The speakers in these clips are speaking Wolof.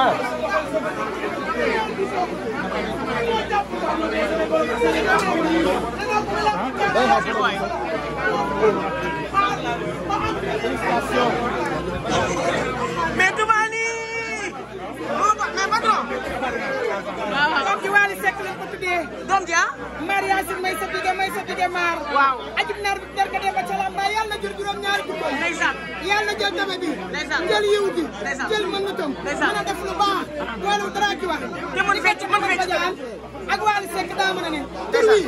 Mar. mais Toumani. moo ko mais patron. waaw waaw doom ji Wally Seck la ko tuddee. doom ji ah. mariage may sa dige may sa dige maar. waaw ajib nar nar nga dem ba ca Lamba yàlla jur juróom ñaari jur. ndeysaan yàlla jël dama bi. jël yiw gi jël mën na tëm mën a def lu baax loolu dara ci wax. te mën fecc mën fecc ak Wally Seck daa mën a ne tur wi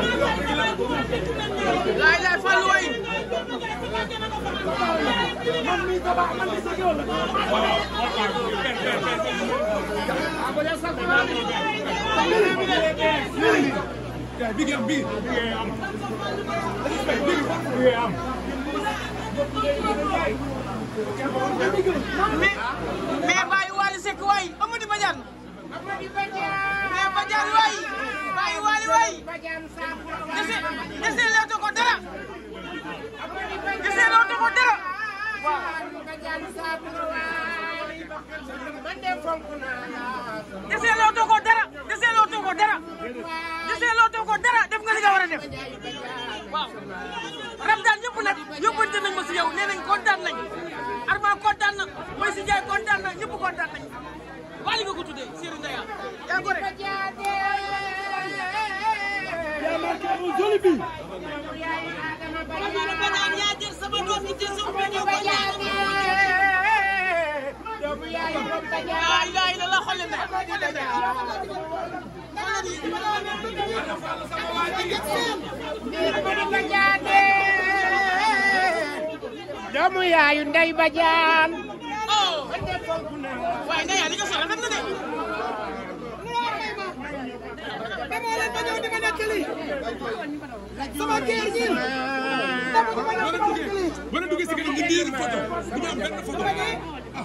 laay laay Fallou waay man mii daba man mii sa géwël big am big am big am mais mais Baye Wally Seck waay Amady Badiane Amady Badiane mais Badiane waay waay waay ko dara gisee leeto ko dara waaw gisee ko dara gisee leeto ko dara def nga li nga war a def waaw Ramdan ñëpp nag si yow nee nañ kontaan nañ Arma kontaan na Moy si Njaay kontaan na ñëpp kontaan nañ waa li nga ko tuddee bu joli bi doomu yaayu ndey bajaan wala duggee wala duggee si nga indi diir photo du ñu am benn photo ah. Amari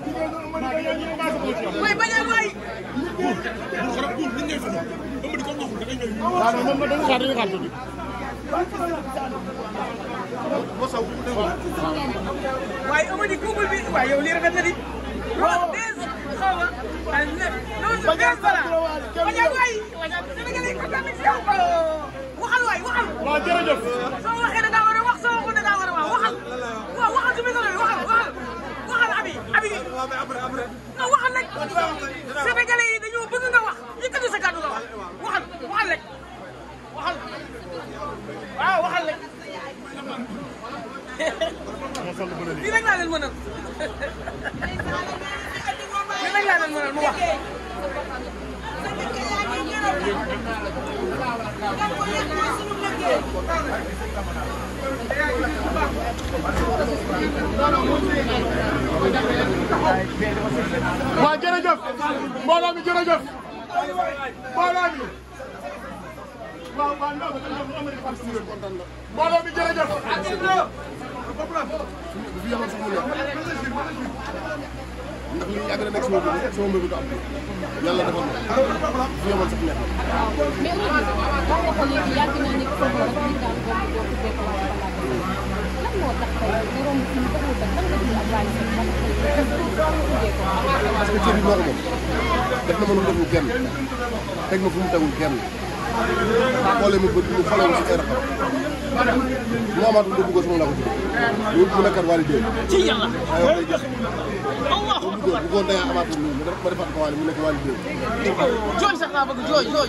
way bañ a way waaye Amady kuubul bi waaye yow lii rafet na di waaw des xaw ma waaye non non des voilà bañ a way Sénégalais kontaan nañ si yow waxal waay waxal waaw jërëjëf soo waxee da ngaa war a wax soo waxul da ngaa war a wax waxal waaw waxal si micro bi waxal waxal nga waxal rek sénégalais yi dañoo bëgg nga wax yëkkati sa kàddu nga wax waxal waxal rek waxal waaw ah, waxal rek lii rek laa leen mënal lii rek laa leen mënal mu wax waaw jërëjëf mbooloo mi jërëjëf mbooloo mi waaw waaw non mbooloo mi jërëjëf ndax li yàgg na nekk sama mbir sama mbir du am yàlla defal na fi yomal sax nekk. mais yàgg naa nekk moo tax tey nga romb fii nga ko def lan nga dund ak Wally Seck ba tax tey def ko dong tuddee ko. parce que cër bi moo ko moom def na ma lu mu deful kenn teg ma fu mu tegul kenn xoolee mu bët mu xoolee mu si ay rafet mu amaatul dugg ko sama la ko tudd loolu bu nekkat Wally dee. ci yàlla aywa day joxe. bu góor day amaatul loolu ma defaat ko Wally mu nekk Wally dee. jooy sax laa bëgg jooy jooy.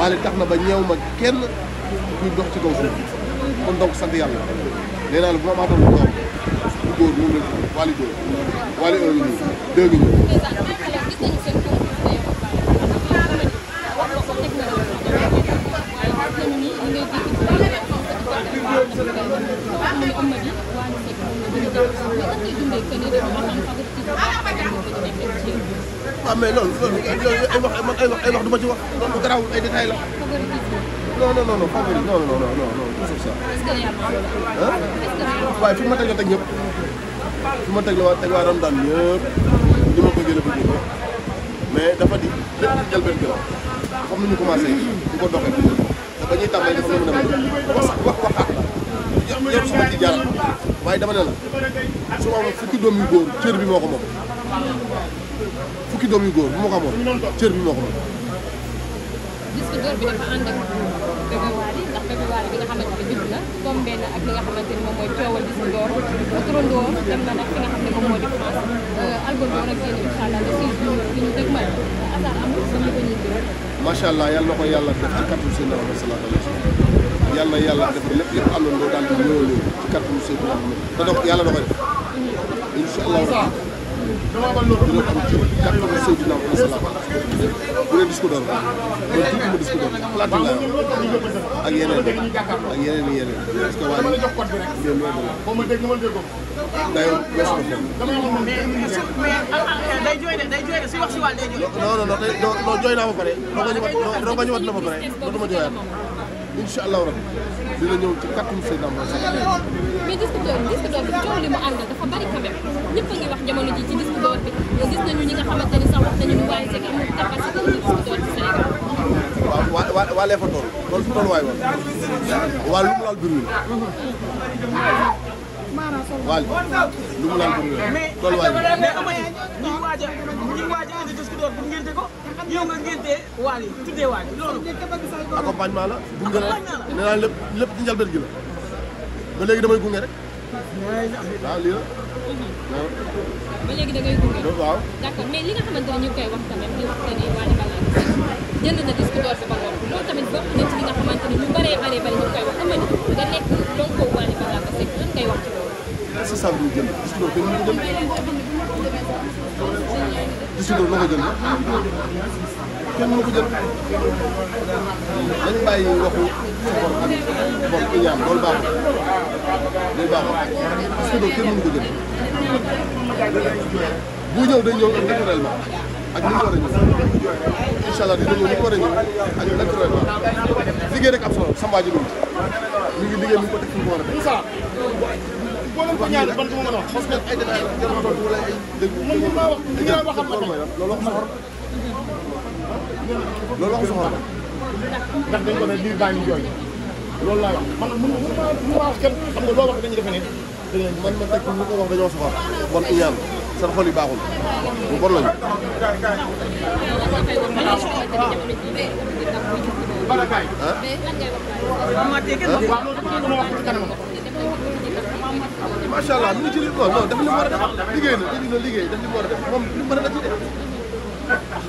waaye tax na ba ñeew ma kenn kuy dox ci kaw suuf kon donc sant yàlla nee naa la bu ma amaatoon bu doom bu góor moom la wàllu góor wàllu un million deux millions waaw ah, mais loolu loolu loolu ay wax ay wax ay ci wax loolu garaawul ay détails la. non non non non favori non non non non toujours ma teg la teg ma teg la waa teg waa Ramadan ma bëggee la mais dafa di ci jël benn gërëm comme ni ñu commencé di ko doxee te ba ñuy tàmbalee dafa mën a mën wax waaye dama ne la su ma fukki doom bi moo ko moom. fukki doom yu góor bu ma ko bi moo ko mën. disque bi dafa ànd ak Bébé ndax Bébé bi nga xamante ne moom mooy coowal disque d'or ba turandoo dem na nga xam ne moom moo di France euh, album bi war a génn incha allah le 6 juin bi ñu dëgmal hasard amul sama ko ñu jël. macha allah yal na ko yàlla def ci kàttan seen na yàlla def lépp lépp àndandoo daal ci kàttan seen rajo te donc yàlla da dina am ci kàttanu Seydina Muhammad sallallahu alayhi wa sallam bu dee discours d'or man tuuti ma discours d'or plateau laa yor ak yeneen ak yeneen i yeneen parce que waa ji mbir mi dayoo weesu ko day jooy de day jooy de su wax si wàll day jooy. non non non non jooy naa ba pare. waaw jooy naa ba pare doo ko ñëwaat doo ko ñëwaat na ba pare dootuma jooyaat. incha allahu rabi dina ñëw ci kàttum say dàmbal sax. mais disque d'or disque d'or bi coow li mu àndal dafa bari quand même ñëpp a ngi wax jamono ji ci disque d'or bi gis nañu ñi nga xamante ni sax wax nañu ni waaye Seck amul capacité ci disque d'or ci Sénégal. waaw waa waa waa lu mu laal biir waaye lu mu laal bëgg mais amady ñu ngi waaj a ñu ngi waaj a indi disque d'or pour ngénte ko yow nga ngénte waali tuddee waali loolu. accompagnement la gunge la nee naa lépp lépp ci njëlbeen gi la ba léegi damay gunge rek waaw lii la waaw. ba léegi da ngay gunge. waaw d'accord mais li nga xamante ne ñu koy wax tamit di wax ba ngoon loolu tamit li nga xamante ne ñu bëree bëree bëri ñu koy wax nga nga nekk donc Wally wax ci loolu. est-ce que saa bu ñu jënd disque d'or bàyyi waxu bor ak bor iñaam loolu baaxul. loolu bu ñëw day ñëw naturellement ak ni mu war a ñëw incha allah dina ñëw ni mu war a ñëw ak naturellement liggéey rek am solo sama waa ji mi ngi liggéey mi ngi ko teg fi mu war a def. boo ko ñaan ban ko mën a wax parce que ay détails wala ay dégg man mën naa wax li nga waxal ma loolu waxu soxor loolu waxu soxor ndax dañ ko ne lii baa ngi jooy loolu laa wax man mën naa wax kenn xam nga loo wax dañuy defe ne dinañ man man teg mu ko wax dañoo soxor bon iñaan seen xol yi baaxul bu bon lañu macha allah mi ngi ci li non non def li mu war a def liggéey na indi na liggéey def li mu war a def moom li mu mën a def ci def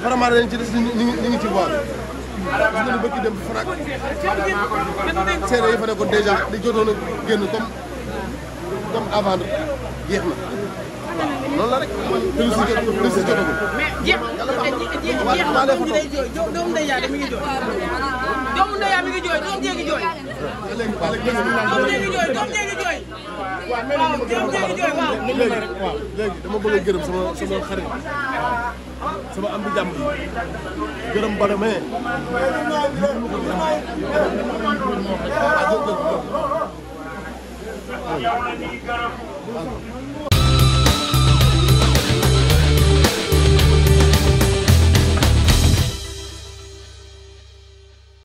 vraiment dañ ci des ñu ngi ñu ngi ci voie bi gis nga lu bëgg dem Fra ak seede yi fa nekkoon dèjà di jotoon a génn comme comme avant jeex na loolu la rek man félicité félicité ko. mais jeex na jeex na doom ji day jooy doomu ndeyaan mi ngi jooy. doomu ndeyaan mi ngi jooy doom jee ngi jooy. doom jee ngi jooy doom jee ngi jooy. waaw doom jee ngi jooy waaw. léegi waaw léegi dama bëgg a gërëm sama sama xarit sama am di jàmm gërëm ba demee. yow la ñuy gërëm